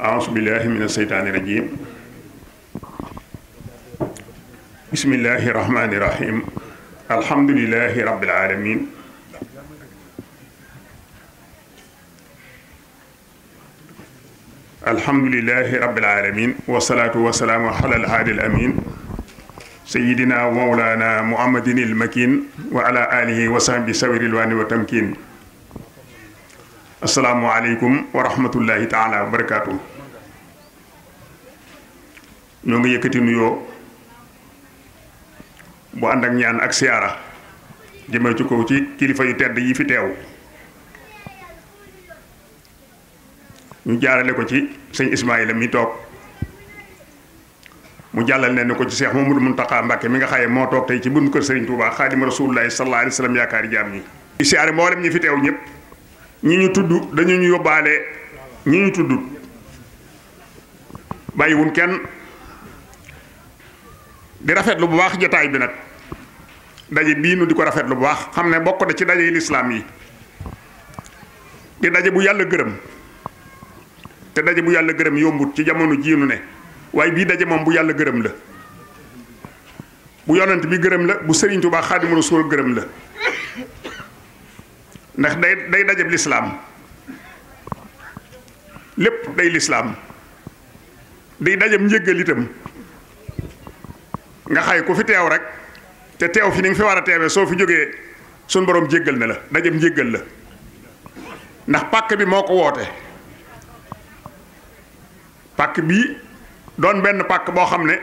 aùzu billaahi mina seytaani rajiim bismillaahi rahmaani rahiim alhamdulillaahi rabbil aalamiin alhamdulilahi rabbil alamin wasalaatu wasalaamu ala alhaadi al amin sayidina mawlana muhammadin il makin wa ala alihi wa sahbi sawiril waani wa tamkin asalaamualeykum wa rahmatullahi taala wa barakaatu ñoo ngi yëkkati nuyoo bu ànd ak ñaan ak siyaara jëmee ci kaw ci kilifa yu tedd yi fi teew ñu jaarale ko ci sëñ Ismaayila mi toog mu jàllal ne ni ko ci Seex Mbàkke mi nga xaye moo toog tey ci bunt kër Sëriñ Tuubaa Xaadimu Rasuulillaahi sallallaahu alayhi wa sallam yaakaari jaam ñi siyaare mboolem ñi fi teew ñëpp ñi ñu tudd dañu ñu yóbbaale ñi ñu tudd bàyyiwum kenn di rafetlu bu baax jotaay bi nag daje bii nu di ko rafet lu baax xam ne bokk na ci daje yi lislaam yi di daje bu yàlla gërëm te daje bu yàlla gërëm yombut ci jamono jii nu ne waaye bii daje moom bu yàlla gërëm la bu yonent bi gërëm la bu Sëriñ Tuubaa Xaadimu Rasuul gërëm la ndax day day dajab lislaam lépp day lislaam day dajab njégal itam nga xay ku fi teew rek te teew fi ni nga fi war a teewee soo fi jógee suñ boroom jéggal na la dajab njéggal la ndax pàkk bi moo ko woote pàkk bii doon benn pàkk boo xam ne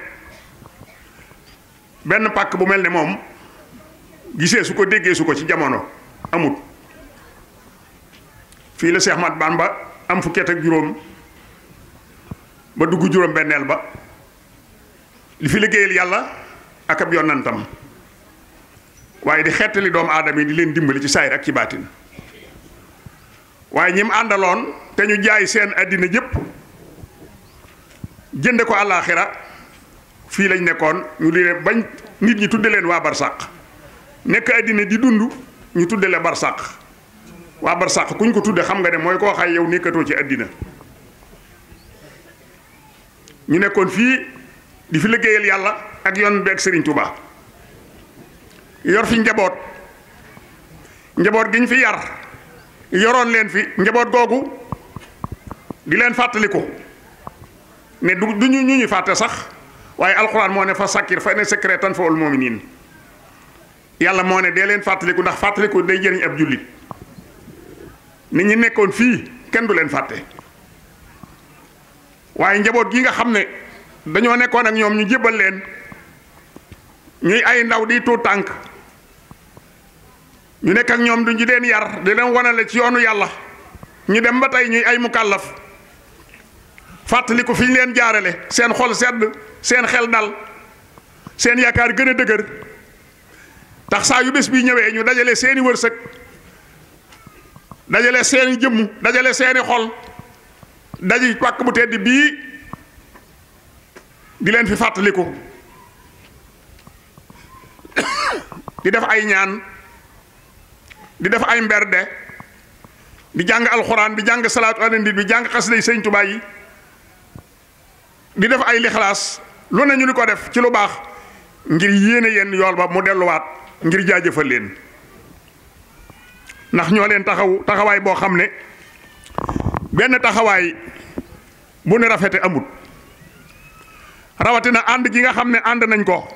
benn pàkk bu mel ni moom gisee su ko déggee su ko ci jamono amut fii la Cheikh Ahmad Bamba am fukkeet ak juróom ba dugg juróom benneel ba li fi liggéeyal yàlla ak ab yonantam waaye di xettali doom aadam yi di leen dimbali ci saayir ak ci baatin waaye ñim àndaloon te ñu jaay seen àddina jépp jënde ko àllaaxira fii lañ nekkoon ñu di bañ nit ñi tudde leen waa barsàq nekk àddina di dund ñu tudde leen barsàq waa bar barsàq kuñ ko tuddee xam nga ne mooy koo xay yow nekkatoo ci àddina ñu nekkoon fii di fi liggéeyal yàlla ak yoon bi ak Serigne Touba yor fi njaboot njaboot gi ñu fi yar yoroon leen fi njaboot googu di leen fàttaliku ne du du ñu ñu ñu fàtte sax waaye alxuraan moo ne fa sakkir fa ne secret tan fa ul moominiin yàlla moo ne dee leen fàttaliku ndax fàttaliku day jëriñ ab jullit. ni ñu nekkoon fii kenn du leen fàtte waaye njaboot gi nga xam ne dañoo nekkoon ak ñoom ñu jébbal leen ñuy ay ndaw di tuut tànk ñu nekk ak ñoom du ñu leen yar di leen wanale ci yoonu yàlla ñu dem ba tey ñuy ay mukallaf fàttaliku fi ñu leen jaarale seen xol sedd seen xel dal seen yaakaar gën a dëgër tax saa yu bés bi ñëwee ñu dajale seeni wërsëg dajale seeni jëmm dajale seeni xol daji pàkk bu tedd bii di leen fi fàttaliku di def ay ñaan di def ay mberde di jàng alxuraan di jàng salaatu ala nabi di jàng xasida yi sëñ Tuubaa yi di def ay lixlaas lu ne ñu di ko def ci lu baax ngir yéene yenn yool ba mu delluwaat ngir jaajëfal leen ndax ñoo leen taxawu taxawaay boo xam ne benn taxawaay bu ne rafete amut rawatina ànd gi nga xam ne ànd nañ ko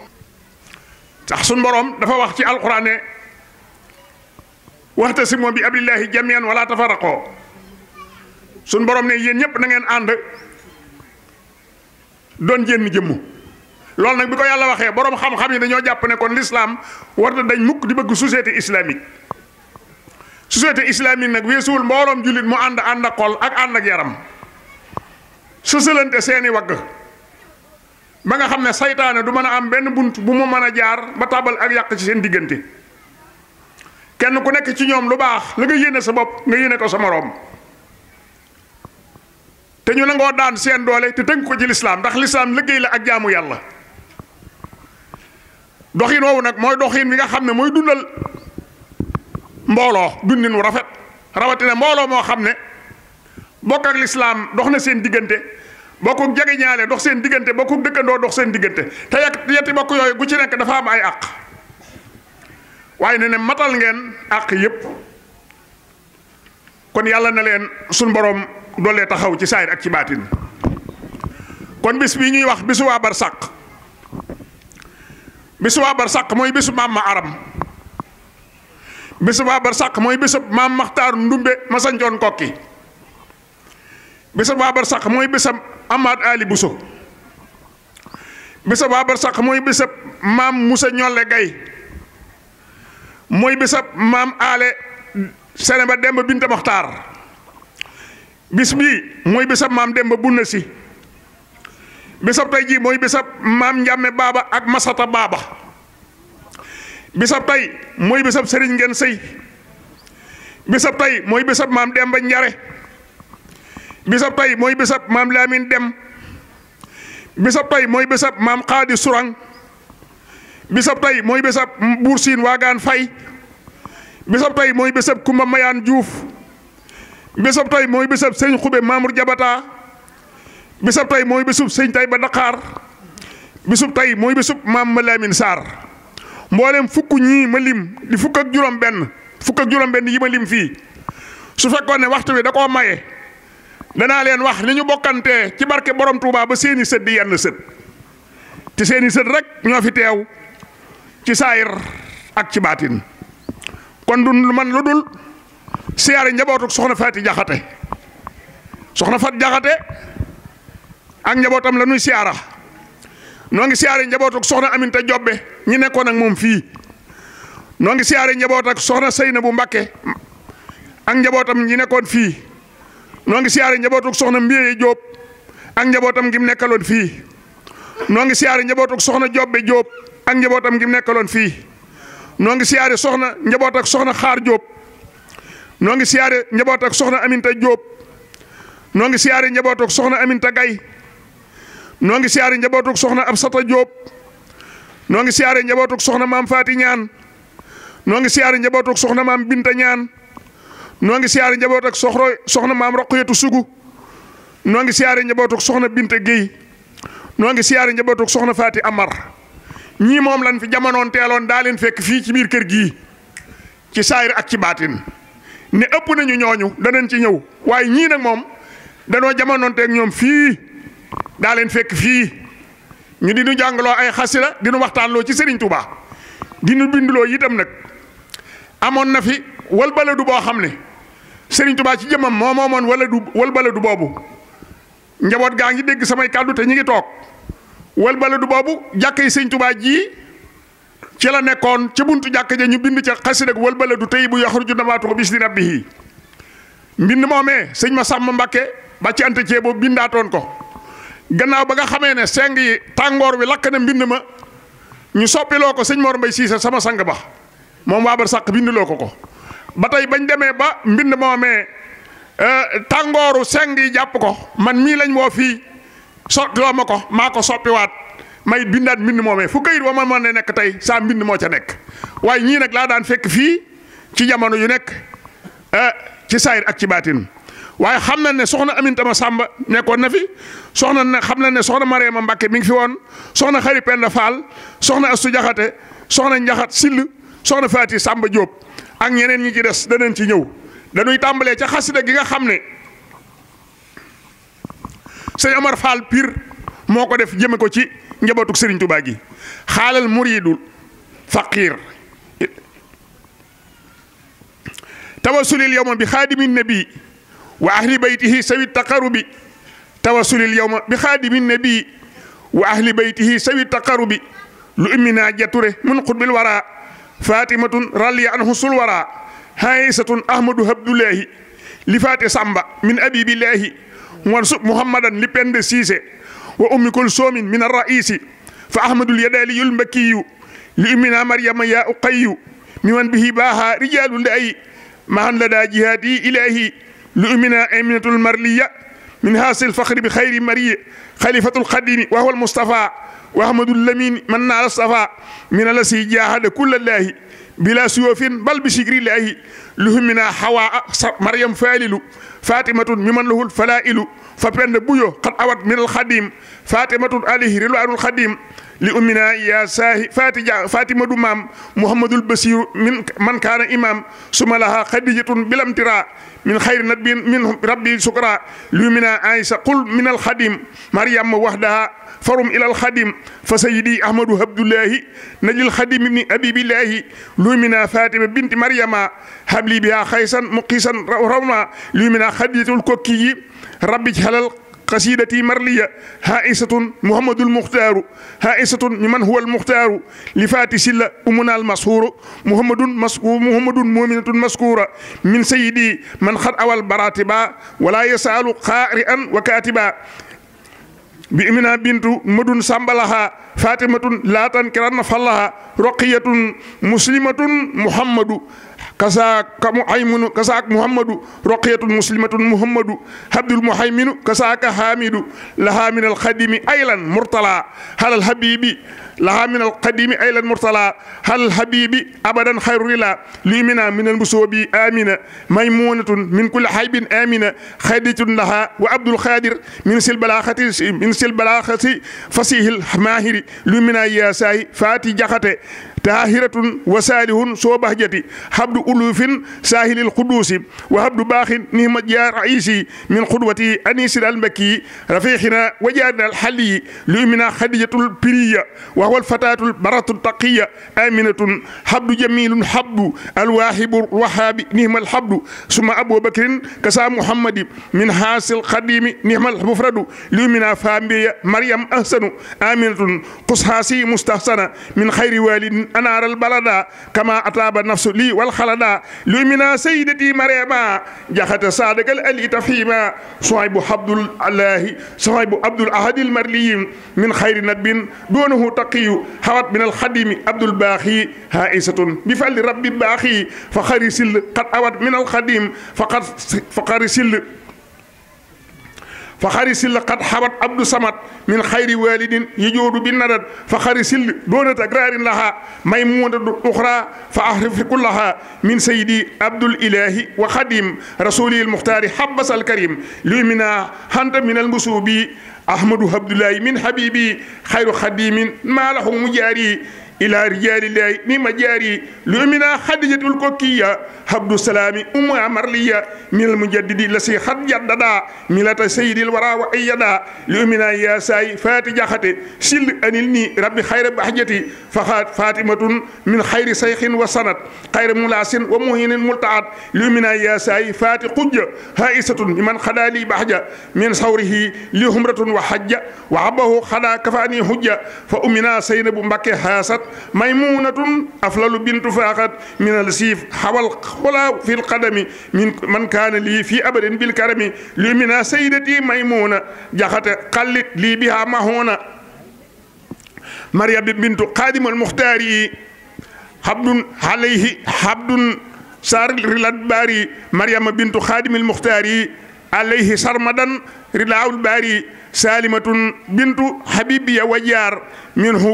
sax suñ boroom dafa wax ci alxuraan ne waxtasimu bi ablillahi jamian wala tafaraqoo suñ boroom ne yéen ñëpp na ànd doon jénn jëmm loolu nag bi ko yàlla waxee boroom xam-xam yi dañoo jàpp ne kon lislaam war na dañ mukk di bëgg société islamique société islamique nag weesuwul mbooloom jullit mu ànd ànd ak xol ak ànd ak yaram sësalante seeni wagg ba nga xam ne saytaane du mën a am benn bunt bu mu mën a jaar ba tabal ak yàq ci seen diggante kenn ku nekk ci ñoom lu baax la nga yéene sa bopp nga yéene ko sa moroom te ñu nangoo daan seen doole te tënk ko ci lislaam ndax lislaam liggéey la ak jaamu yàlla doxin woowu nag mooy doxiin bi nga xam ne mooy dundal mbooloo dundin wu rafet rawatina mbooloo moo xam ne bokk ak lislaam dox na seen diggante bokku jege ñaale dox seen diggante bokku dëkkandoo dox seen diggante te yàq yetti bokk yooyu gu ci nekk dafa am ay àq waaye ne ne matal ngeen àq yépp kon yàlla na leen suñ borom doolee taxaw ci saayir ak ci baatin kon bis bi ñuy wax bisu sàq barsàq bisu waa barsàq mooy bisu maam ma aram bésëb waa barsàq mooy bisab maam maxtaar ndumbe ma sancoon kokki bésëb waa barsàq mooy bésëb amaat ali buso bésëb waa barsàq mooy bésëb maam musa ñolle gay mooy bésëb maam ale sene ba demb binte maxtaar bis bii mooy bésëb maam demb bunna si bésëb tey jii mooy bésëb maam njàmme baaba ak masata baaba bisab tey mooy bisab sëriñ ngeen sëy bisab tey mooy bisab maam Demba Njare bisab tey mooy bisab maam Lamine Dem bisab tey mooy bisab maam Xaadi suran bisab tey mooy bisab buur siin waagaan fay bisab tey mooy bisab Kumba Mayaan Juuf bisab tey mooy bisab sëñ Xube Mamour Jabata bisab tey mooy bisub sëñ tay ba daqaar bisub tey mooy bisub maam Lamine Sarr mboolem fukk ñii ma lim di fukk ak juróom-benn fukk juróom-benn yi ma lim fii su fekkoon ne waxtu wi da koo maye danaa leen wax li ñu bokkantee ci barke boroom Touba ba seeni sët di yenn sët te seeni sët rek ñoo fi teew ci saayir ak ci baatin kon du man lu dul siyaare njabootuk soxna Faati Jaxate soxna Faat Jaxate ak njabootam la ñuy siyaara noo ngi siyaare njaboot ak soxna Aminta Jobbe ñi nekkoon ak moom fii noo ngi siyaare njaboot ak soxna Seyna bu Mbakke ak njabootam ñi nekkoon fii noo ngi siyaare njaboot ak soxna Mbiye Diop ak njabootam gi mu nekkaloon fii noo ngi siyaare njaboot ak soxna Jobbe Diop ak njabootam gi mu nekkaloon fii noo ngi siyaare soxna njaboot ak soxna Xaar Diop noo ngi siyaare njaboot ak soxna Aminta Diop noo ngi siyaare njaboot ak soxna Aminta Gaye noo ngi siyaare njabootug soxna ab Diop noo ngi siyaare njabootug soxna maam Faati Ñaan noo ngi siyaare njabootug soxna maam Binta Ñaan noo ngi siyaare njabootug soxna maam Roqiyatu Sugu noo ngi siyaare soxna Binta Guèye noo ngi siyaare njabootug soxna Faati Amar ñii moom lañ fi jamonoon teeloon daa leen fekk fii ci biir kër gii ci saayir ak ci baatin ne ëpp nañu ñooñu danañ ci ñëw waaye ñii nag moom danoo jamonoonteeg ñoom fii daa leen fekk fii ñu di nu jàngaloo ay xasida di nu waxtaanloo ci sëriñ Touba di nu binduloo itam nag amoon na fi wal baladu boo xam ne Serigne Touba ci jëmmam moo wala du wal baladu boobu njaboot gaa ngi dégg samay kàddu te ñu ngi toog wal baladu boobu jàkkay Serigne Touba ji ci la nekkoon ca buntu jàkk ja ñu bind ca xasida ak wal baladu tayyibu yaxruju nabaatu bis di rabbihi mbind moomee sëñ ma sàmm Mbàkke ba ci ante boobu bindaatoon ko. gannaaw ba nga xamee ne seng yi tàngoor wi lakk na mbind ma ñu soppiloo ko sëñ Mor Mbay Siise sama sang ba moom waa Barsàq bindiloo ko ko ba tey bañ demee ba mbind moomee euh, tàngooru seng yi jàpp ko man mii lañ woo fii sottiloo ma ko maa ko soppiwaat may bindaat mbind moomee fu këyit wa ma mën ne nekk tey saa mbind moo ca nekk waaye ñii nag laa daan fekk fii ci jamono yu nekk euh, ci saayir ak ci baatin waaye xam na ne soxna Aminta ma Samba nekkoon na fi soxna na xam na ne soxna Mariama Mbacke mi ngi fi woon soxna Xari Penda Fall soxna Astu Jaxate soxna Njaxat Sill soxna Faati Samba Diop ak ñeneen ñi ci des danañ ci ñëw dañuy tàmbalee ca xasida gi nga xam ne sëñ Omar Fall Pire moo ko def jëme ko ci njabootu Serigne Touba gi xaalal muridul faqir tawasulil yawma bi xaadimin nabi wa ahli baytihi sawi taqarubi tawassulil yawma bi xaadimi nabii wa ahli baytihi sawi taqarubi lu imminaa jature mun qutbil wara fatimatun ralliya anhu sul wara haysatun ahmadu habdullahi li faate samba min abibillahi wansu muhammadan li pende siise wa ummi kulsoomin min arraisi fa ahmadul yadaliyul mbakiyu li ummina maryama ya uqayyu mi wan bihi baaha rijalul layi mahan lada jihaati ilahi لأمنا أمينة المرلية من هاس الفخر بخير مريء خليفة القديم وهو المصطفى وأحمد اللمين من نال الصفا من الذي جاهد كل الله بلا سيوف بل بشكر الله لهمنا حواء مريم فالل فاطمة ممن له الفلائل فبين بيو قد أوت من الخديم فاطمة عليه رضوان الخديم li ummina ya saahi fatija fatima du maam mouhamadul basiru min man kaana imam suma laha xadijatun bilamtira min xayri nabin min rabbi sukra li ummina aïsa qul min alxadim mariama wahdaha farum ila alxadim fa sayidi ahmadou habdullahi najlil xadim ibni abibillahi li ummina fatima binti mariama habli biha xaysan muqisan rawma li ummina xadijatul kokkiyi rabbi halal قصيدتي مرلية هائسة محمد المختار هائسة من هو المختار لفات سلة أمنا المسهور محمد مسكو محمد مؤمنة مسكورة من سيدي من خد أول براتبا ولا يسأل قارئا وكاتبا بإمنا بنت مدن سامبلها فاطمة لا تنكرن فلها رقية مسلمة محمد kasaaka mu aymunu kasaak muhammadu roqiyatun muslimatun muhammadu habdul muhayminu kasaaka hamidu laha min alqadimi aylan murtala halal habibi laha min alqadimi aylan murtala halal habibi abadan xayru ila lumina min almusobi amina maymunatun min kulli haybin amina khadijatun laha wa abdul khadir min sil balaxati min sil balaxati fasihil mahiri lumina yasahi fati jaxate tahiratun wa salihun soo bahjati habdu ulufin sahilil qudusi wa habdu baaxin nihma jaar aisi min qudwati anisir almbakki rafixina wa jaarina alhaliyi lu'mina khadijatul piriya wa huwa alfatatul baratu taqiya aminatun habdu jamilun habdu alwahibu wahabi nihma alhabdu summa abubakrin kasa muhammadi min hasil qadimi nihma almufradu lu'mina fambiya maryam ahsanu aminatun qushasi mustahsana min khayri walidin أنار البلدا كما أطاب النفس لي والخلدا لمنا سيدتي مريما جحت صادق الألي تفهيما صعيب عبد الله صعيب عبد الأحد المرلي من خير ندب دونه تقي حوت من الخديم عبد الباخي هائسة بفعل رب باخي فخرسل قد أوت من الخديم فقد فقرسل fa xari sill xat xabat abdou samad min xayri walidin yejoodu bi nadat fa xari sill doonat agrarin laha may muudadu uxra fa ahrifiku laha min sayidi abdul ilahi wa xadim rasuli lmuxtaari habas alkarim lumina hanta min almusubi ahmadou abdoulahi min habibi xayru xadimin malahu mujaari إلى رجال الله مما جاري لأمنا خديجة الكوكية عبد السلام أم أمرلية من المجدد لسي خد جددا ملة سيد الورى وأيدا لأمنا يا ساي فاتجاختي سل أنلني ربي خير بحجتي فخات فاطمة من خير سيخ وسند خير ملاس ومهين ملتعد لأمنا يا ساي فات قج هائسة من خدا لي بحجة من صوره لهمرة وحجة وعبه خدا كفاني حجة فأمنا سينب مكة هاسد maymunatun aflalu bintu faaxat minal siif xawal xulaa fil qadami min man kaana lii fii abadin bil karami lii mina saydati maymuna jaxate xallit lii biha mahuna maryam bintu xaadimal muxtaari yi habdun alayhi habdun saar rilat baari maryama bintu xaadimil muxtaari alayhi sarmadan rilaawul baari salimatun bintu habibiya wajaar minhu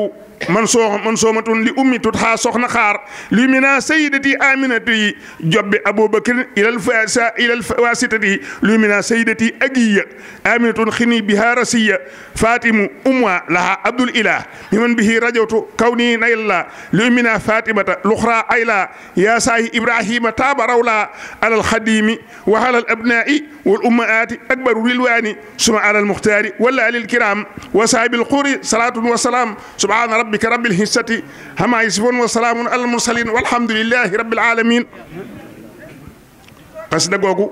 man soo man soomatun li ummi tut xaa soxna xaar li mina sayidati aminatu yi jobbe aboubacar ilal fasa ilal wasitati li mina sayidati agiya aminatun xini biha rasiya fatimu umwa laha abdul ilah miman bihi rajawtu kawni naylla li ummina fatimata luxra ayla ya saahi ibrahima taaba rawla alal xadimi wa alal abnai wal ummaati akbaru lilwani suma alal muxtaari wala lil kiram wa saabil xuri salaatun wa salaam subhaana rabbika rabbil izzati ammaa yasifuun wa salaamun alal mursaliin walhamdulillaahi rabbil aalamiin xasida googu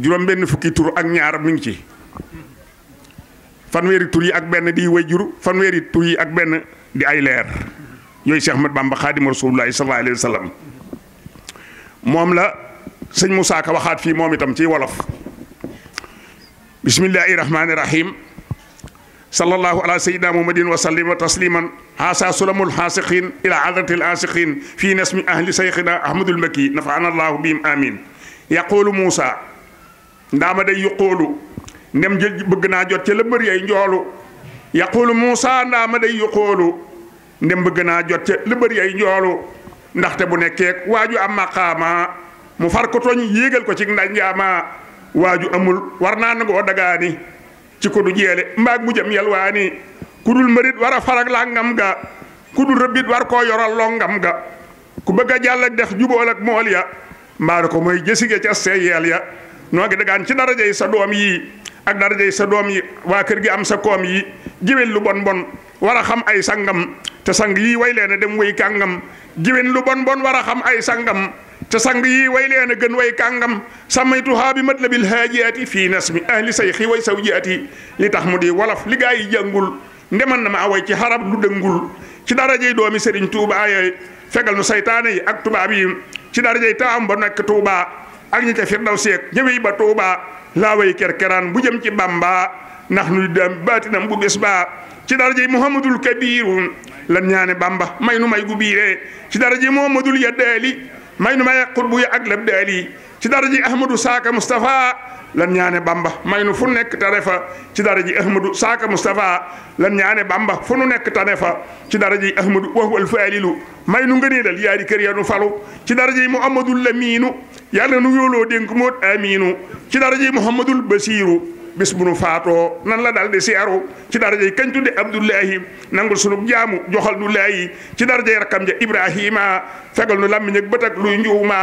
juróom benn fukki tur ak ñaar mi ngi ci fanweeri tur benn di tur yi ak benn di ay leer yooyu Cheikh Ahmad Bamba xaadimu rasuulullaahi sallallaahu alayhi wa moom la sëñ Moussa waxaat fii moom itam ci wolof bismillaahi rahmaani sallallahu ala sayyidina muhammadin wa sallima tasliman haasa sulamul haasiqin ila adrati al asiqin fi nasmi ahli sayxina ahmadul makki nafa'ana allahu bihim amin yaqulu Moussa ndaama day yuqoolu ndem jël bëgg naa jot ca la bëri ay njoolu yaqulu Moussa ndaama day yuqoolu naa jot la bëri ay njoolu ndaxte bu nekkee waaju am maqaama mu far ko toñ ko ci ndax njaamaa waaju amul war naa nangoo dagaani ci ko du jeele mbaag mu jëm yalwaani ku dul mërit war a farag laa ngam ga ku dul rëbbit war koo yoral loo ngam ga ku bëgg a jàll ak dex jubool ak mool ya mbaar ko mooy jësige ca seeyeel ya noo ngi dagaan ci yi sa doom yi ak darajay sa doom yi waa kër gi am sa koom yi jiwén lu bon bon war a xam ay sangam te sang yii way leen a dem way kàngam jiwén lu bon bon war a xam ay sangam te sang yi way leen a gën way kàngam sàmmaytuhaa bi matlabil haajiati fii nasmi ahli sayxi way sawjiati li tax mu di wolof li gaa yi jàngul ndeman na ma away ci xarab lu dëngul ci darajey doomi sëriñ Tuubaa yooyu fegal nu saytaane yi ak tubaab yi ci darajey taam ba nekk Tuubaa ak ñi ca firdaw seek ñëwey ba Tuubaa laa way kerkeraan bu jëm ci Bàmba ndax nuy dem baatinam bu bés baa ci darajey Muhammadul Kabiir lan ñaane Bàmba may nu may gu biiree ci darajey Muhammadul Yaddaali may nu maye bu yi ak lab di ali ci daraji ahmadou saaka moustapha lan ñaane bamba may nu fu nekk ta fa ci daraji ahmadou saaka moustapha lan ñaane bamba fu nu nekk tane fa ci daraji ahmadou waxwal faalilu may nu ngëneelal yaari kër ya nu falu ci daraji muhammadul laminu yàlla nu yooloo dénk moot aminu ci daraji muhammadul basiru bis bu nu faatoo nan la daal si siyaaru ci daraja yi kañ tudde Abdullahi nangul sunu jaamu joxal du laayi ci daraja yi kam ja Ibrahima fegal nu làmmiñ ak bët ak luy njuuma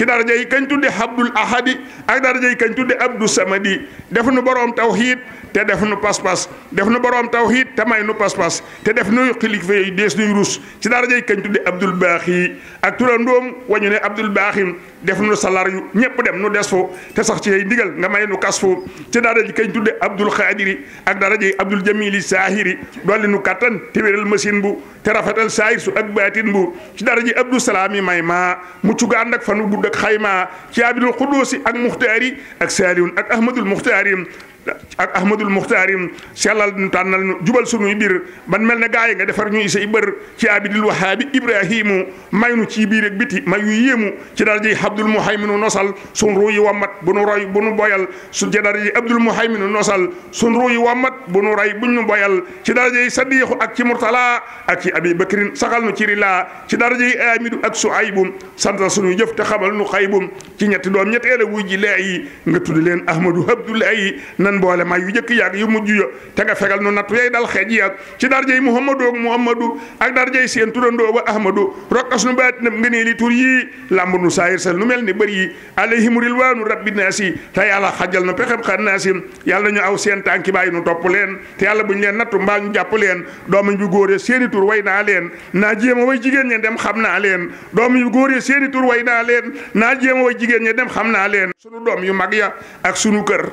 ci daraja yi kañ tudde Abdul Ahadi ak daraja yi kañ tudde Abdou Samadi def nu boroom tawxiid te def nu pas-pas def nu boroom tawxiid te may nu pas-pas te def nuy xilifa yi dees nuy rus ci daraja yi kañ tudde Abdul Baaxi ak turandoom wañu ne Abdul Baaxim def nu salar yu ñëpp dem nu des fu te sax ci ay ndigal nga may nu kas fu ci daraja yi kañ tudde Abdul Xaadiri ak daraja yi Abdul Jamili Saahiri dolli nu kattan te wéral machine bu te rafetal saahir su ak baatin bu ci daraja ak xayma ci abidul xuduusi ak muxtaari ak saaliwun ak ahmadul muxtaari ak ahmadul muxtaarim sellal nu tànnal nu jubal sunuy biir ban mel ne gaa yi nga defar ñuy say bër ci abidil wahaabi ibrahimu may nu ci biir ak biti may yu yéemu ci darajey abdul muhayminu nosal sun ruu yi wammat bu nu roy bu nu boyal su ci darajey abdul muhayminu nosal sun ruu yi wammat bu nu ray buñ nu boyal ci darajey sadiixu ak ci murtala ak ci abi bakrin saxal nu ci rila ci darajey amidu ak suaybu santal sunuy jëf te xamal nu xaybum ci ñetti doom ñetteela wuy ji lee yi nga tudd leen ahmadu abdullahi nan boole may yu jëkk yàgg yu mujj ya te nga fegal nu nattu yay dal xeej yàgg ci darjey muhammadu ak muhammadu ak darjey seen turandoo ba ahmadu rokkas nu baat na ngënee li tur yii lamb nu saayir sal nu mel ni bëri yi alayhimu rilwaanu rabbi naasi te yàlla xajal nu pexem xan naasi yàlla ñu aw seen tànki bàyyi nu topp leen te yàlla buñ leen nattu mbaa ñu jàpp leen doomu ju góore seeni way naa leen naa jéema way jigéen ñe dem xam naa leen doom yu góor yi seeni tur way leen naa jéema way jigéen ñe dem xam naa leen sunu doom yu mag ya ak sunu kër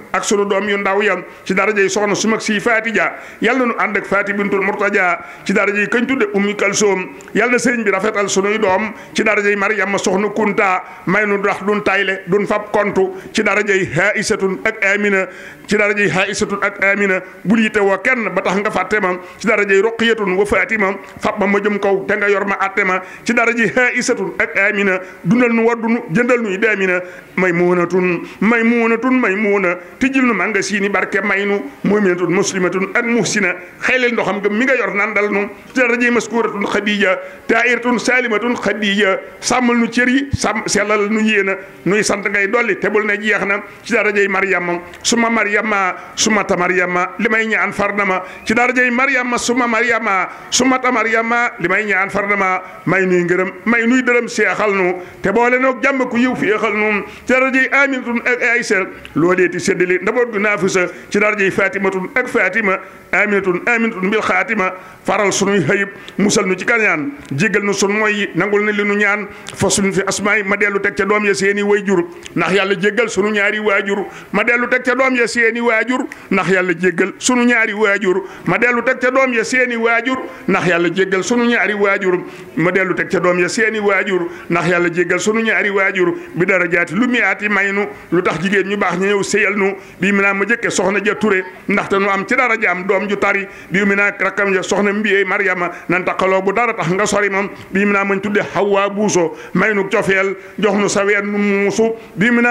ndawyan ci darajey soxna su mag si Faatija yàlla nu ànd ak Faati bintul Murtaja ci darajey kañ tudde Ummi Kalsoom yàlla na sëriñ bi rafetal sunuy doom ci darajey Maryama soxna Kunta may nu ndax dun tayle dun fab kontu ci darajey Haisatun ak Amina ci darajey haïsatun ak amina bul yite woo kenn ba tax nga fàtte ma ci darajey roqiyatun wa fatima fab ma ma jëm kaw te nga yor ma atte ma ci darajey haïsatun ak amina dundal nu waddunu jëndal nuy damina may muunatun may muunatun may muuna tijjil nu ma nga siini barke may nu muminatun muslimatun ak muhsina xaylel ndoxam nga mi nga yor nandal nu ci darajey maskuratun xadija tairatun salimatun xadija sàmmal nu cër yi sàmm sellal nu yéena nuy sant ngay dolli te bul ne na ci darajey mariama suma maryama sumata maryama limay ñaan farnama ci darajay maryama suma maryama sumata maryama limay ñaan ma may nuy ngërëm may nuy dërëm seexal nu te boole noog jàmm ku yiw feexal nu ci darajay aminatun ak aysa loo deeti séddali ndaboot gu naafisa ci darajay fatimatun ak fatima aminatun aminatun bil xaatima faral sunuy xëyib musal nu ci kañaan jéggal nu sun mooy nangul na li nu ñaan fa suñu fi asmaay ma dellu teg ca doom ya seeni way jur ndax yàlla jéggal sunu ñaari waajur ma dellu tek ca doom ya seeni seeni waajur ndax yalla jéggal sunu ñaari waajur ma dellu teg ca doom ya seeni waajur ndax yàlla jéggal sunu ñaari waajur ma dellu teg ca doom ya seeni waajur ndax yalla jéggal sunu ñaari waajur bi dara jaati lu mi aati may nu lu tax jigéen ñu baax ñu ñëw séyal nu bii mi na ma jëkke soxna ja ture ndaxte nu am ci dara jaam doom ju tari bii mi naa rakkam ja soxna mbiyee Maryama nan taqaloo bu dara tax nga sori moom bii naa mañ tudde Hawa buuso may nu cofeel nu sa ween nu muusu bii mi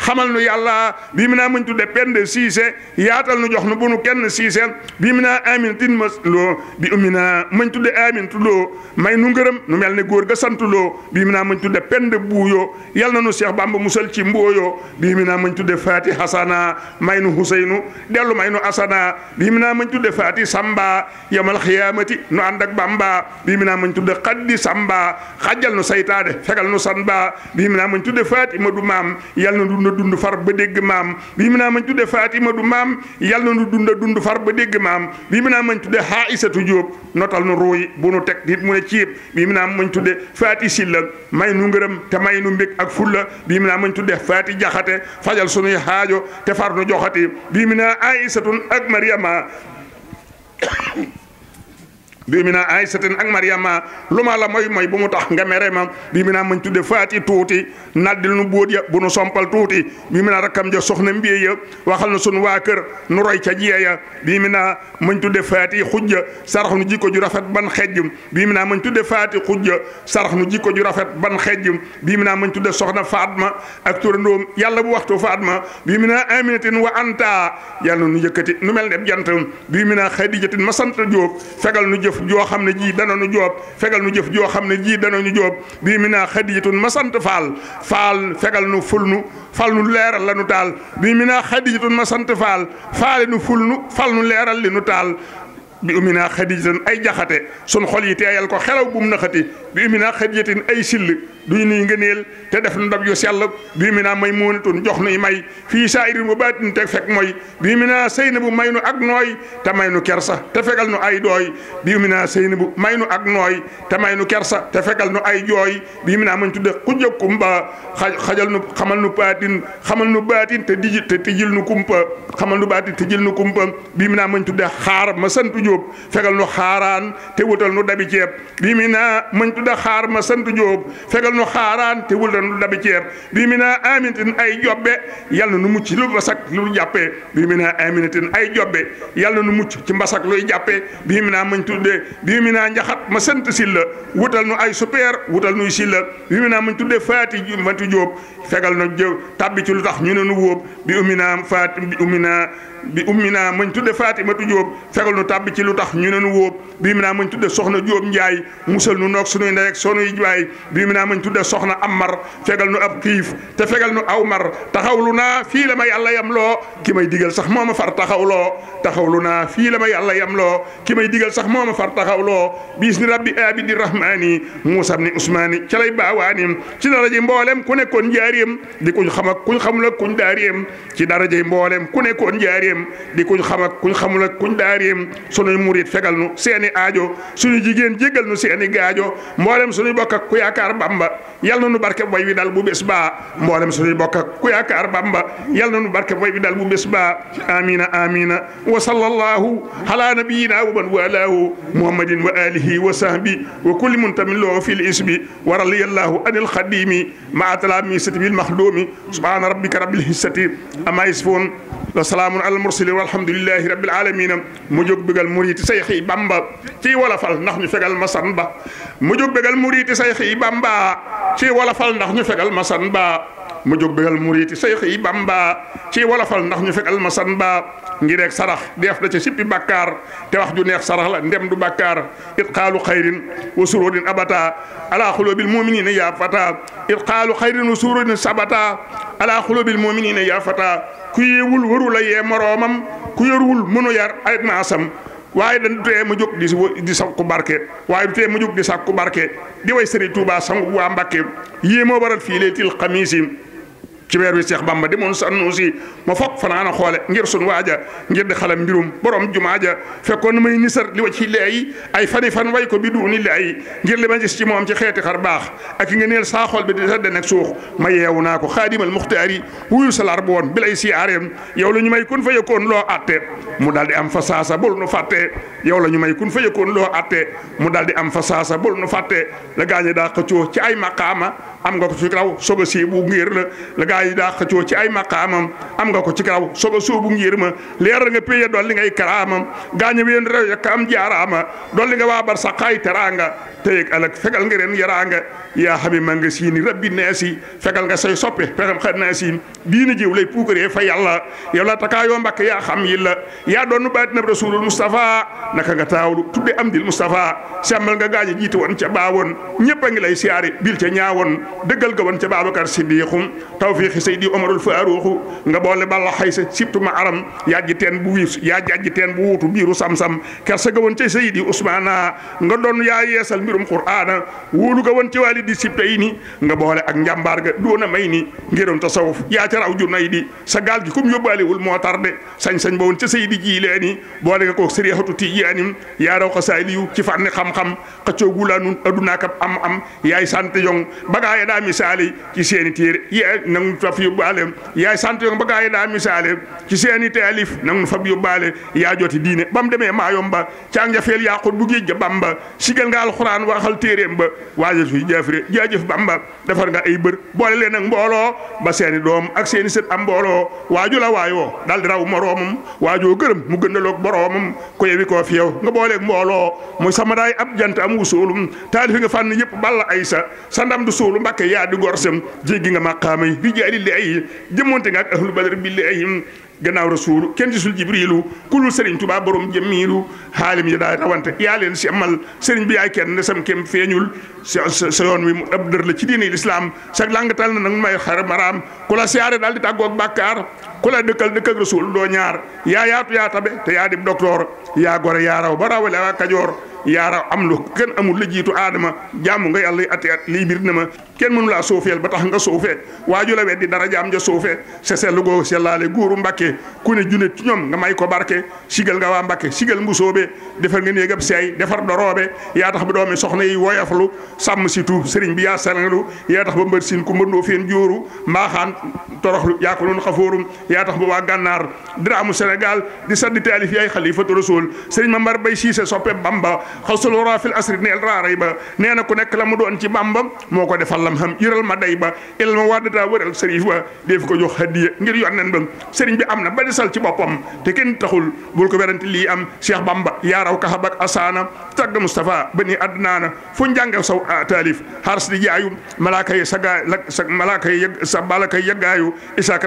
xamal nu yàlla bii mi naa muñ tudde pende siise yaatal nu jox nu bu nu kenn siise bii mi naa amin tin ma loo bi ummi naa muñ tudde amin tulloo may nu ngërëm nu mel ne góor ga santuloo bi mi naa muñ tudde pende buuyoo yal na nu Seex Bàmba musal ci mbooyoo bii mi naa muñ tudde faati hasana may nu huseynu dellu may nu asana bii mi naa muñ tudde faati samba yamal xiyaamati nu ànd ak bamba bii mi naa muñ tudde xaddi samba xajjal nu saytaade fegal nu sanba bii mi naa muñ tudde faati madu maam dunda dund far ba dégg maam bii mu naa mañ tudde Fatima du maam yàlla na nu dunda dund far ba dégg maam bii mu naa mañ tudde Haïsatu Jóob notal nu ruuy bu nu teg nit mu ne ciib bii mu naa mañ tudde Faati Silla may nu ngërëm te may nu mbég ak fulla bii mu naa mañ tudde Faati Jaxate fajal sunuy xaajo te far nu joxati bii mu naa Aïsatun ak Mariama bii mi naa ay ak mariama lu ma la moy moy bu mu tax nga mere ma bii mi naa tu tudde faati tuuti naddil nu bóot ya bu nu sompal tuuti bii mi naa rakkam ja soxna mbiye ya waxal na sun waa kër nu roy ca jiye ya bii mi naa mañ tudde faati xujja sarax nu jikko ju rafet ban xejj bii mi naa mañ tudde faati xujja sarax nu jikko ju rafet ban xejj bii mi naa mañ tudde soxna faatma ak turandoom yàlla bu waxtu faatma bii mi naa aminatin wa anta yàlla nu yëkkati nu mel ne jant bii mi naa xadijatin ma sant jóob fegal jëf xam ne jii dana nu joob fegal nu jëf joo xam ne jii dana nu joob bii mi naa xadijatun ma sant faal faal fegal nu ful nu fal nu leeral la nu taal bii mi naa xadijatun ma sant faal faale nu ful nu fal nu leeral li nu taal bi uminaa xadijatin ay jaxate sun xol yi teeyal ko xelaw bu mu naxati bi uminaa xadijatin ay sill duñu nuy ngëneel te def nu ndab yu sell bi uminaa may muunatun jox nuy may fii saayirin bu baatin te fekk mooy bi uminaa saynabu may nu ak nooy te may nu kersa te fegal nu ay dooy bi uminaa saynabu may nu ak nooy te may nu kersa te fegal nu ay jooy bi uminaa mañ tudde xujjëk kumba xajal nu xamal nu baatin xamal nu baatin te dijil te tijil nu kumpa xamal nu baatin te jil nu kumpa bi uminaa mañ tudde xaar ma santu jóob fegal nu xaaraan te wutal nu dabi ceeb bi mi naa mañ tudda xaar ma sant jóob fegal nu xaaraan te wutal nu dabi ceeb bii mi naa aminatin ay jobbe yal na nu mucc lu mbasak lu jàppee bii mi naa aminatin ay jobbe yal nu mucc ci mbasak luy jàppee bii mi naa mañ tuddee bii mi ma sant silla wutal nu ay super wutal nuy silla bii mi naa mañ tuddee faati mantu jóob fegal nu jëw tabbi ci lu tax ñu ne nu wóob bi umi naa bi ummi naa mañ tudde Fatimatu Jóob fegal nu tàbbi ci lu tax ñu ne nu wóob bi ummi naa mañ tudde soxna Jóob Njaay musal nu noog sunuy ndey ak sunuy baay bi ummi naa mañ tudde soxna Amar fegal nu ab xiif te fegal nu aw mar taxawlu naa fii la ma yàlla loo ki may digal sax moo ma far taxawloo taxawlu naa fii la ma yàlla yamloo ki may digal sax moo ma far taxawloo biis ni rabbi abidi rahmaani muusam ni usmaani ca lay baawaani ci daraje ku nekkoon jaariyam di kuñ xam ak kuñ xamul ak kuñ daariyam ci daariyem di kuñ xam ak kuñ xamul ak kuñ daariyem sunuy murit fegal nu seeni aajo suñu jigéen jéggal nu seeni gaajo mboolem suñuy bokk ku yaakaar bamba yal na nu barke boy bi dal bu bés baa mboolem suñuy bokk ak ku yaakaar bamba yal na nu barke boy bi dal bu bés baa amina amina wa sallallahu ala nabiyina wa man walaahu muhammadin wa alihi wa sahbi wa kulli muntamin loo fi l isbi wa radiyallahu anil xadimi ma atala mi sati bil maxdumi subhana rabbika rabbil hissati amma yasifun wa salaamun alal mursalin walhamdulillahi rabbil alamina mu jóg bégal muriti sayxi bamba ci wolofal ndax ñu fegal ma san ba mu jóg bégal muriti sayxi bamba ci wolofal ndax ñu fegal ma san ba mu jóg bégal muriiti sayx yi bamba ci wolofal ndax ñu ma almasan ba ngireeg sarax def da ca sippi bàkkaar te wax ju neex sarax la ndem du bàkkaar it qaalu xayrin wa sururin abata ala xulubil muminina ya fata it qaalu xayrin wa sururin sabata ala xulubil muminina fata ku yéewul waru la yee moroomam ku yorwul mënu yar ay maasam waaye dañ tee ma jóg di di sakku barke waaye du tee ma jóg di sakku barke di way Sëriñ Tuubaa sangu waa Mbàkke yii moo waral fii leetil xamiisi ci weer wi Seex Bamba demoon Sanusi ma fokk fanaana xoole ngir sun waaja ngir di xalam mbirum borom jumaaja fekkoon may nisar li wa ci lay ay fani fan way ko bi duuni lay ngir li ma gis ci moom ci xeeti xar baax ak nga neel saa xol bi di tëdd nag suux ma yeewu naa ko xaadimal muxtaari wuyu salar bu woon bi lay si aareem yow la ñu may kun fa loo atte mu daal di am fa saasa bul nu fàtte yow la ñu may kun fa loo atte mu daal di am fa saasa bul nu fàtte la daa xëccoo ci ay maqaama am nga ko ci raw soga si bu gaa yi daa xëccoo ci ay maqaamam am nga ko ci kaw soga soobu ngir ma leer nga péye dolli ngay karaamam gaaña ween rew ya ka am jaaraama dolli nga waa bar sa xaay teraanga teyeg alak fegal nga ren yaraanga yaa xami ma nga siini rabbi neesi fegal nga say soppe pexem xa neesi diina jiw lay puukaree fa yàlla yow la takaayoo mbakk yaa xam yi la yaa doon baatinab rasulul mustafa naka nga taawlu tudde am dil mustafa sàmmal nga gaaña jiite woon ca baawoon ñëpp a ngi bil ca ñaawoon dëggal ga woon ca babacar siddiqum tawfiq Cheikh Seydi Omarul Faaruuxu nga boole balla ma aram yaa ji teen bu wiis yaa jajji teen bu wuutu biiru sam-sam kersa ga nga doon yaa yeesal mbirum Qur'aana wóolu ga woon ci wàlli di sibta yi ni nga boole ak njàmbaar ga doon may ni ngirum tasawuf yaa ca raw junay di sa gaal gi kum yóbbaalewul moo tardé sañ-sañ ba woon ca Seydi Jiilaani boole nga ko sëriyahatu Tijaanim yaa raw xasaali yu ci fànni xam-xam xëccoo gulaanu adunaakab am am yaay sant yong bagaaye daa misaali ci seeni téere yaa nangu fab yóbbaale yaay sant yo ba gaa yi daa misaale ci seeni taalif nang nu fab yóbbaale yaa joti diine ba mu demee maa yomba ca njafeel yaa bu géej ga bamba sigal nga alxuraan waxal téeréem ba waaja suy jaafire jaajëf bamba defar nga ay bër boole leen ak mbooloo ba seeni doom ak seeni sët am mbooloo waaju la waayoo dal di raw moroomam waajoo gërëm mu gën gëndaloog boroomam ko yewi koo fi yow nga booleeg mbooloo sama samaraay ab jant am wusuulum taalifi nga fànn yëpp balla ay sa sa ndam du suulu mbàkke yaa di gorsem jéggi nga màqaamay jaari laahi jëmmonte nga ak ahlu badar billaahim gannaaw rasuulu kenn gisul jibriilu kulul sëriñ tubaa borom jëmmiilu xaalim yi daa rawante yaa leen semmal sëriñ bi yaay kenn sam kem feeñul sa wi mu ab la ci diini lislaam sag làngatal na nag may maraam ku la daal di tàggoo ak bàkkaar ku la dëkkal dëkk ak rasul doo ñaar yaa yaatu yaa tabe te yaa dib docteur yaa gore yaa ba rawale waa kajoor yaa am lu kenn amul la jiitu adama jàmm nga yàlla ati at lii biir na ma kenn mënu laa suufeel ba tax nga suufe waaju la weddi dara jaam ja suufee sa sellu goo sellaale guuru mbakke ku ne junne ci ñoom nga may ko barke sigal nga waa mbakke sigal ngu soobe defar nga néegab seey defar doroobe yaa tax ba doomi soxna yi woyaflu sàmm si tuub sëriñ bi yaa selnglu yaa tax ba mbër yaa tax ba waa gànnaar diraamu Sénégal di saddi taalif yaay xalifatu rasul sëriñ Mamar Bay Siise soppe Bamba xawsul wara fil asri neel raaray ba nee na ku nekk la mu doon ci Bamba moo ko defal lam xam yëral ma day ba ilal ma waadataa wëral sërif ba def ko jox hadiya ngir yonnen ba sëriñ bi am na ba sal ci boppam te kenn taxul bul ko werante lii am Cheikh Bamba yaa raw kaxabak asaana tagg Moustapha bani adnaana fu njànge saw ah, taalif sa gaay sa malaaka yi sa balaka yi yëggaayu isa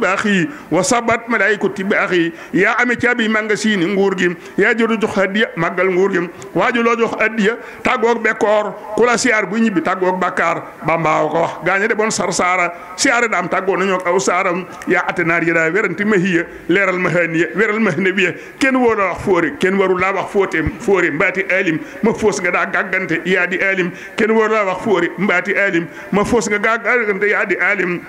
xawsul wa sabat malaykati baax yi yaa ame caabi magasin nguur gi yaa jëru jox addiya màggal nguur gi waaju loo jox addiya tàggoog bekkoor ku siyaar bu ñibbi tàggoog bakkaar bambaaw ko wax gaañe de bon sar saara siyaare daam tàggoo nañoo aw saaram yaa atenaar ya daa weranti mahiya leeral mahaniya weral mahnawiya kenn woo la wax fóore kenn warul laa wax fóote fóore mbaati alim ma foos nga daa gàggante yaa di alim kenn warul laa wax fóore mbaati alim ma foos nga gaa gàggante yaa alim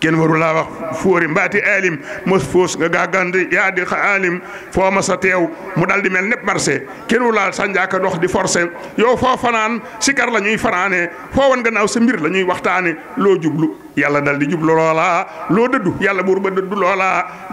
kenn waru laa wax fóori mbaati alim mos fóos nga gàggandi yaa di alim foo ma sa teew mu dal di mel nepp marché kenn waru laa sànjaaka dox di forcé yow foo fanaan sikar la ñuy fanaanee foo wan gannaaw sa mbir la ñuy waxtaane loo jublu yàlla dal di jub loola loo dëddu yàlla buur ba dëddu loola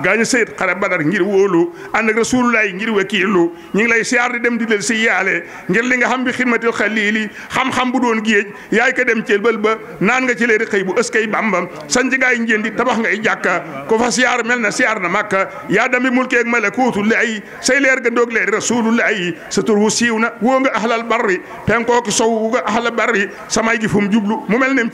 gaañ a sayit xare badar ngir wóolu ànd ak rasulullaay ngir wakiilu ñu ngi lay siyaar di dem di del si yaale ngir li nga xam bi xidmatil xaliili xam-xam bu doon géej yaay ko dem ci ba naan nga ci leeri xëy bu ëskay bambam sanc gaay njéen di tabax ngay jàkka ko fa siyaar mel na siyaar na màkka yaa dami mulkeeg malakuutu lay say leer ga ndoog leeri rasulullaay sa tur wu siiw na woo nga ahlal barri penkooki sow nga ahlal barri samay gi fu mu jublu mu mel nem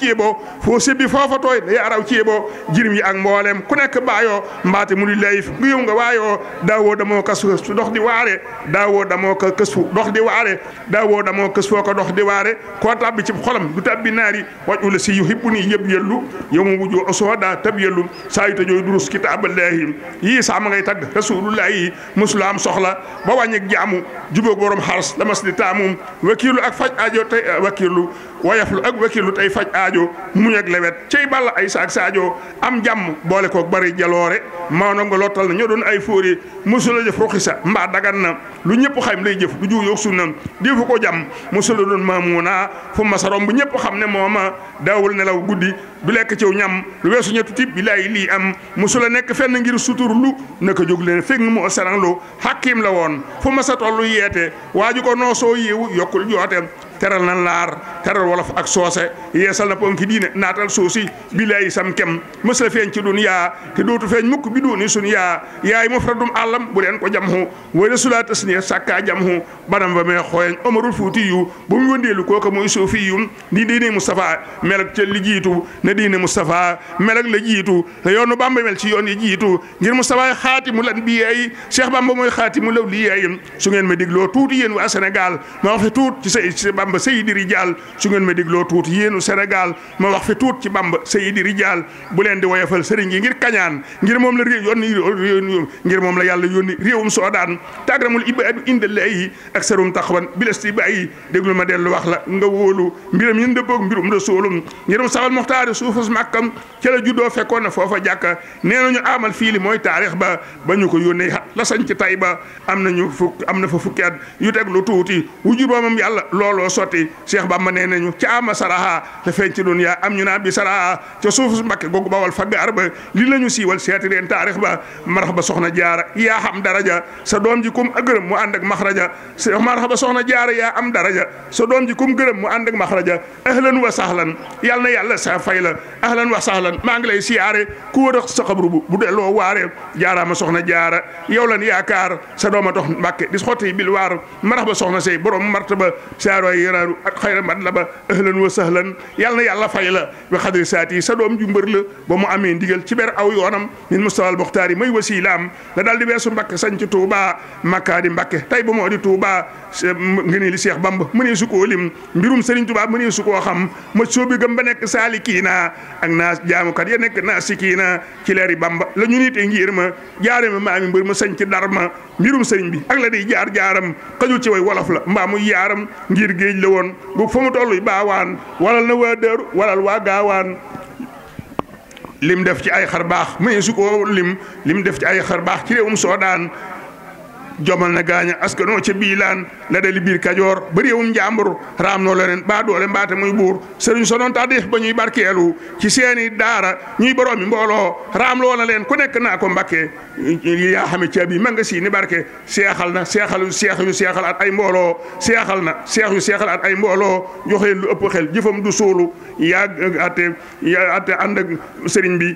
wotoyde yo araw ceeɓo jirmi an mboolem ko nekk mbaayo mbaate muli layif nguyew nga waayo dawoɗamo kasu ɗohdi waare dawoɗamo ka kasu ɗohdi waare dawoɗamo kasu o ko ɗohdi waare ko tabbi cib holam du tabbi naari waƴule si yo hiɓɓuni yeɓ yellu yomo wuju o sooda tabi yellum sa yita joyi durus kitaballahi yi sama ngay tagg rasulullahi musulam soxla ba wàññik jaamu jubóog borom xars damasdi taamum wakiilu ak faj ajo tay wakiilu woyof lu ak wakilu tey faj aajo mu ak lewet cey balla ay saak saajo am jàmm boole ko bari jaloore maanaam nga lottal na ñoo doon ay fóori mosula jëf ruqi sa mbaa dagan na lu ñëpp xam lay jëf du ju yog sunna diifu ko jàmm mosula doon maamuuna fu masarom bu ñëpp xam ne mooma daawul nelaw guddi du lekk ciw ñam weesu ñetti tib bi laay lii am mosula nekk fenn ngir sutur lu naka jóg leen fekk mu sarang lu xàkkiim la woon fu masa lu yeete waaju ko noosoo yiwu yokkul joote teral na laar teral wolof ak soose yeesal na ponki diine naatal suusi bilaayi sam kem mës la feeñ ci duniyaa te dootu feeñ mukk bi dooni sun yaa yaay mufradum àllam bu leen ko jamhu wala sulaa tasniya sàkkaa jamhu banam ba mee xooyañ omarul fuuti yu bu mu wëndeelu kooka muy suufi yu di diine Moustapha mel ak ca jiitu la jiitu te yoonu Bamba mel ci yoon yi jiitu ngir Moustapha xaatimu lan bi yaay Cheikh Bamba mooy xaatimu law li yaayam su ngeen ma dégloo tuuti yéen waa Sénégal bamba sayidi rijal su ngeen ma dégloo tuut yéenu sénégal ma wax fi tuut ci bamba sayidi rijal bu di woyofal sëriñ yi ngir kañaan ngir moom la réew yónni ngir moom la yàlla yónni réewum soodaan tagramul ibadu indallahi ak sarum taxawan bilastibayi déglu ma dellu wax la nga wóolu mbiram yën dëppoog mbirum rasulum ngirum saxal moxtaari suufus màkkam ca la juddoo fekkoon na foofa jàkka nee nañu amal fii li mooy taarix ba ba ñu ko yónnee la sañ ci tay ba am nañu fukk am na fa fukki at sotti Cheikh ma nee nañu ca ama saraha te feeñ ci duniya am ñu naa bi saraha ca suufu Mbakke googu bawal fagg arba li la ñu siiwal seeti leen taarix ba marhaba soxna jaara yaa xam daraja sa doom ji kum gërëm mu ànd ak maxraja marhaba soxna jaara sa doom ji kum gërëm mu ànd ak maxraja ahlan wa sahlan yal na yàlla sa fay la ahlan wa sahlan maa ngi lay siyaare ku wër sa xabru bu bu delloo waare jaaraama soxna jaara yow lan yaakaar sa dooma tox Mbakke di xotti bil waar marhaba soxna say borom martaba saaroy yaraaru ak xayra mat la ba ahlan wa sahlan yàlla na yàlla fay la wa xadri saat sa doom ju mbër la ba mu amee ndigal ci ber aw yoonam min mustawal muxtaar may wasilaam la daal di mbakke sañ ci Touba mbakke tey ba moo di Touba nga ne li Cheikh Bamba mu ne su koo lim mbirum Serigne Touba mu ne su koo ma soobi gëm ba nekk saalikiina ak naa jaamukat ya nekk naa sikiina ci leeri Bamba la ñu nite ngir ma jaare ma maami mbër ma sañ ci dar ma mbirum Serigne bi ak njëriñ la woon bu fu mu toll baawaan walal na waa dëru walal waa gaawaan lim def ci ay xar baax muy su ko lim lim def ci ay xar baax ci réewum Soodaan jomal na gaaña askanoo ca biilaan la dali biir kajoor ba réewum njàmbur raam noo leneen baa doole mbaate muy buur sëriñ so doon tàddeef ba ñuy barkeelu ci seeni daara ñuy boroomi mbooloo raam loo na leen ku nekk naa ko mbakke yaa xame caabi ma nga sii ni barke seexal na seexal yu seex yu seexal at ay mbooloo seexal na seex yu seexal at ay mbooloo joxeen lu ëpp xel jëfam du suulu yaa atte yaa atte ànd sëriñ bi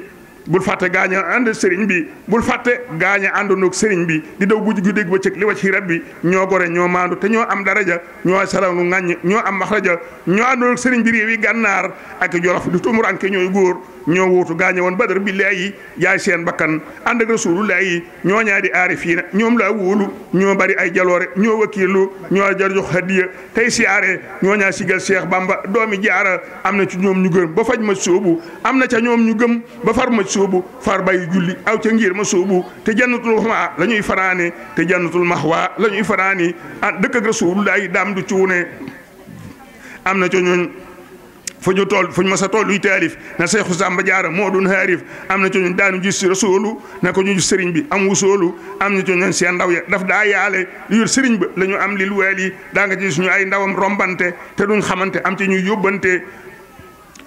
bul fàtte gaaña ànd sëriñ bi bul fàtte gaaña àndandoog seriñ bi di daw guddi guddeeg bëccëg li wacc ci rab bi ñoo gore ñoo maandu te ñoo am daraja ñoo saraw nu ŋàññ ñoo am maxraja ñoo àndandoog sëriñ bi réew yi gànnaar ak jolof di tumuranke ñooy góor ñoo wuutu gaañe woon badar billaahi yaay seen bakkan ànd ak rasulullaahi ñoo ñaari aarifiina ñoom laa wóolu ñoo bari ay jaloore ñoo wakiilu ñoo jar jox hadiya tey siyaare ñoo ñaa sigal Cheikh Bamba doomi jaara am na ci ñoom ñu gëm ba faj ma sóobu am na ca ñoom ñu gëm ba far ma sóobu far bàyyi julli aw ca ngiir ma sóobu te jannatul maxwa la ñuy fanaane te jannatul maxwa la ñuy fanaane dëkk ak rasulullaahi daam di cuune am na ca ñooñ fu ñu toll fu ñu masa toll luy taalif na Seexu Sàmba Jaara moo doon xaarif am na ci ñun daanu gis rasoolu na ko ñu gis sëriñ bi am wusoolu am na ci ñun ndaw ya daf daa yaale yor sëriñ ba la ñu am li luweel yi daa nga ci suñu ay ndawam rombante te duñ xamante am ci ñuy yóbbante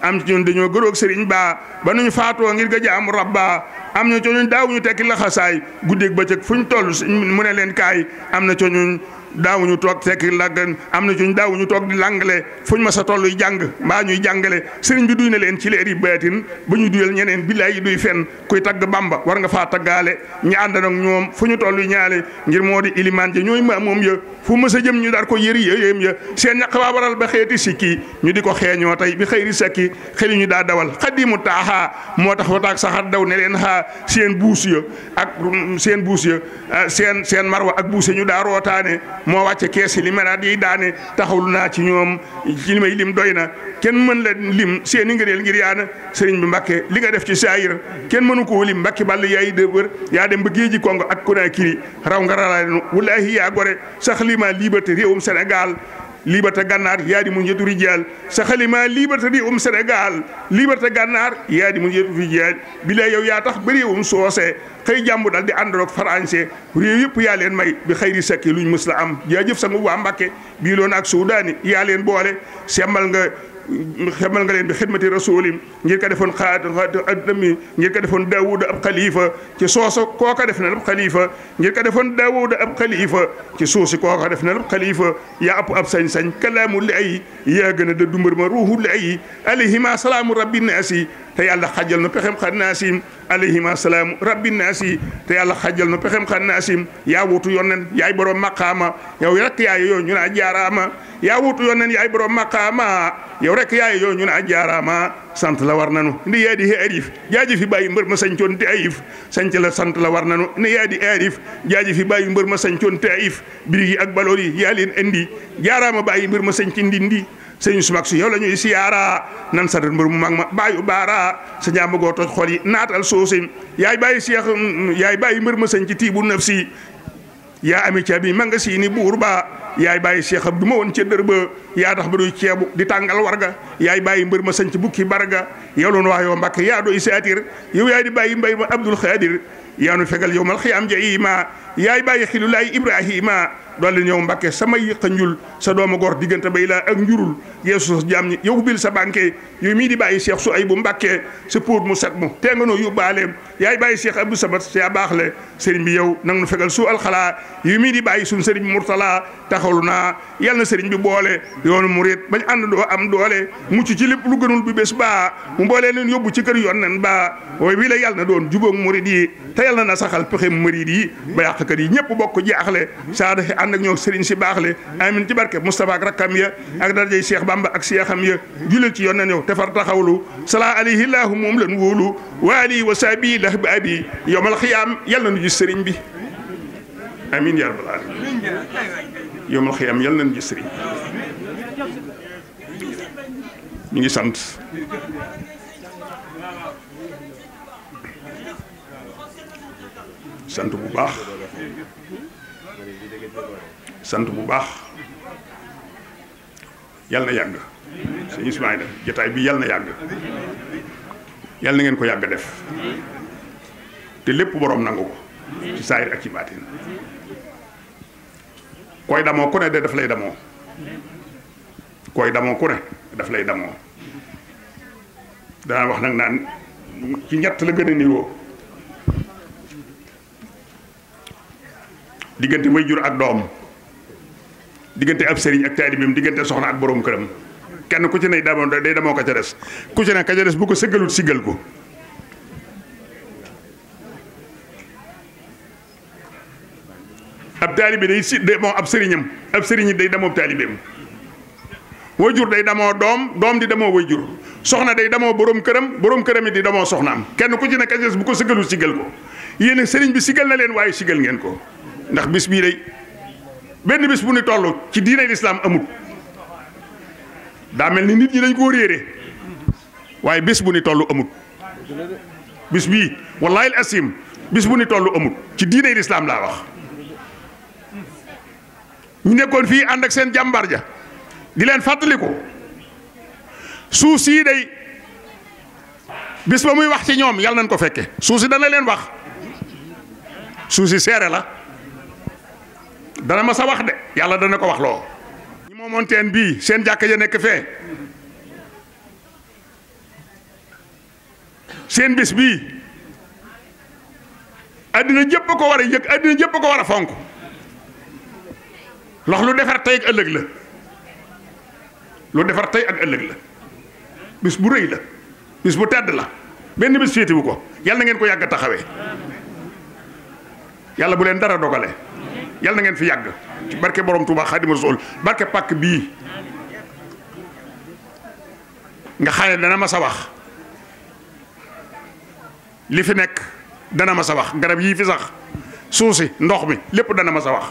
am ci ñun dañoo gëroog sëriñ baa ba nuñ faatoo ngir gëj am rabba am na ci ñun daawuñu tekki laxasaay guddeeg bëccëg fu ñu toll mu ne leen kaay am na ci daawuñu toog fekk làgg am na ci daawuñu toog di làngale fuñ ma sa tolluy jàng mbaa ñuy jàngale sëriñ bi duy na leen ci leer yi baatin ba ñu duyal ñeneen billaay yi duy fen kuy tagg bamba war nga faa taggaale ñi ànd ak ñoom fu ñu tolluy ñaale ngir moo di ilimaan ja ñooy ma moom ya fu ma sa jëm ñu dar ko yëri yëyeem ya seen ñaq waa waral ba xeeti sikki ñu di ko xeeñoo tey bi xëyri sakki xel ñu daa dawal xadimu taaxaa moo tax wataak saxar daw ne leen xaa seen buus ya ak seen buus ya ah, seen seen marwa ak buuse ñu daa moo wàcce kees yi li meraat yi daane taxawlu naa ci ñoom ci li lim doy na kenn mën la lim seen i ngëneel ngir na sëriñ bi Mbàkke li nga def ci saayir kenn mënu koo lim Mbàkke ball yaay de wër yaa dem ba géeji Kongo ak Conakry raw nga ralaale nu wallaahi yaa gore sax lima liberté réewum senegal liberté gànnaar yaa di mu njëtu rijaal sa xalima liberté di um Sénégal liberté gànnaar yaa di mu njëtu rijaal bi lay yow yaa tax ba réewum soose xëy jàmbu dal di àndandoog français réew yëpp yaa leen may bi xëyri sakki luñ mës la am sa sangu waa Mbàkke bii loon ak Soudaani yaa leen boole sembal nga xamal nga leen bi xidmati rasulim ngir ka defoon xaat ka defoon daawuda ab xalifa ci sooso kooka def na ab xalifa ngir ka defoon daawuda ab xalifa ci suusi kooka def na ab xalifa yaa app ab sañ-sañ kalaamu li ay yaa gën a da dumbar ma ruuhu li ay alayhima salaamu rabbi naasi te yàlla xajal nu pexem xan naasim alayhima salaamu rabbi naasi te yàlla xajal nu pexem xan naasim yaa wutu yonen yaay borom maqaama yow rek yaay yoo ñu naa jaaraama yaa wutu yonen yaay borom maqaama yow rek yaay yoo ñu naa jaaraama sant la war nanu ndi yaa di arif jaaji fi bàyyi mbar ma sañcoon te ayif sant la sant la war nanu ndi yaa di arif jaaji fi bàyyi mbër ma sañcoon te ayif ak baloor yi yaa leen indi jaaraama bàyyi mbër ma sañci ndi ndi sëñ su mag si yow la ñuy siyaara nan sa mbir mu mag ma bàyyu baara sa ñaama goo toj xol yi naatal soosim yaay bàyyi seex yaay bàyyi mbir ma sëñ ci tiibu naf si yaa ami caabi ma nga sii ni yaay bàyyi seex ab du ma woon ca dër ba yaa tax ba duy yaay bàyyi mbër ma sanc ci bukki barga yow loonu wax yoo mbàkk yaa doy saatir yow yaay di bàyyi mbay ma abdul xaadir yaa nu fegal yow mal xiyaam ja iima yaay bàyyi xilulaay ibrahima dolli ñëw Mbàkke sama yëq a njul sa dooma gor diggante bay laa ak njurul yeesu jaam ñi yow bil sa banque yooyu mii di bàyyi Cheikh su ay bu Mbàkke sa póot mu set mu tee nga noo yóbbaaleem yaay bàyyi Cheikh Abdou Samat yaa baax le sëriñ bi yow nang nu fegal su alxalaa yooyu mii di bàyyi suñ sëriñ bi Murtala taxalu naa yal na sëriñ bi boole yoonu murit bañ ànd doo am doole mucc ci lépp lu gënul bi bés baa mu mboolee leen yóbbu ci kër yoon nen baa wooy wii la yal na doon jubóog murit yi te yal na na saxal pexe murit yi ba yàqkat yi ñëpp bokk jaaxle ànd ak ñoo sëriñ si baax le amin ci barke Moustapha ak rakkam ya ak darajey Cheikh Bamba ak seexam ya jullit ci yoon na ñëw tefar taxawlu salaa alayhi laahu moom lan wóolu waali wa saabi lax bi abi yomal xiyaam yàlla nu gis sëriñ bi ñu ngi sant sant bu baax sant bu baax yàlla na yàgg sëñ Ismaïla jataay bi yàlla na yàgg yàlla na ngeen ko yàgg def te lépp boroom nangu ko ci saayir ak ci baatin koy damoo ku ne de daf lay damoo koy damoo ku ne daf lay damoo danaa wax nag naan ci ñett la gën a niwoo diggante way jur ak doom diggante ab sëriñ ak taalibeem diggante soxna ak borom këram kenn ku ci ne damoo day damoo ko ca des ku ci ne ka ca des bu ko sëggalut siggal ko ab taalibe day si day moom ab sëriñam ab sëriñ day damoo taalibeem doom doom di damoo wayjur soxna day damoo borom këram borom këram it di damoo soxnaam kenn ku ci ne bu ko sëggalut siggal ko yéen sëriñ bi siggal na leen waaye siggal ngeen ko ndax bis bii day. benn bis bu ñu toll ci diine lislaam amut daa mel ni nit ñi dañ koo réere waaye bis bu ñu toll amut bis bii wallaahil asim bis bu ñu toll amut ci diine lislaam laa wax ñu nekkoon fii ànd ak seen jàmbaar ja di leen fàttaliku suuf sii day bis ba muy wax ci ñoom yal nañ ko fekke suuf si dana leen wax suuf si seere la dana ma sa wax de yàlla dana ko wax loo ñi moomoon teen bii seen jàkk ya nekk fee seen bis bii àddina jëpp a ko war a yëg addina jëpp a ko war a fonk lox lu defar tey ak ëllëg la lu defar tey ak ëllëg la bis bu rëy la bis bu tedd la benn bis féetiwu ko yàlla na ngeen ko yàgg a taxawee yàlla bu leen dara dogale yal na ngeen fi yàgg ci barke borom Touba Xaadimu Rasuul barke pàkk bii nga xam ne dana ma sa wax li fi nekk dana ma sa wax garab yii fi sax suuf si ndox mi lépp dana ma sa wax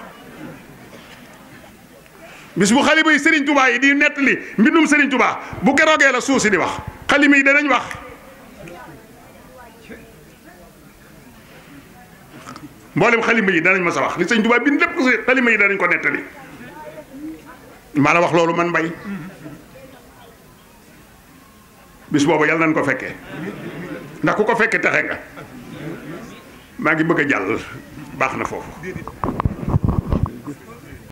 bis bu xalima yi Serigne Touba yi di nettali mbindum sëriñ Touba bu keroogee la suuf si di wax xalima yi danañ wax. mboolem xalima yi danañ ma sa wax li sañ Tuubaa bi lépp ko si xalima yi danañ ko nettali maa la wax loolu man mbay bis boobu yàlla nañ ko fekkee ndax ku ko fekkee taxe nga maa ngi bëgg a jàll baax na foofu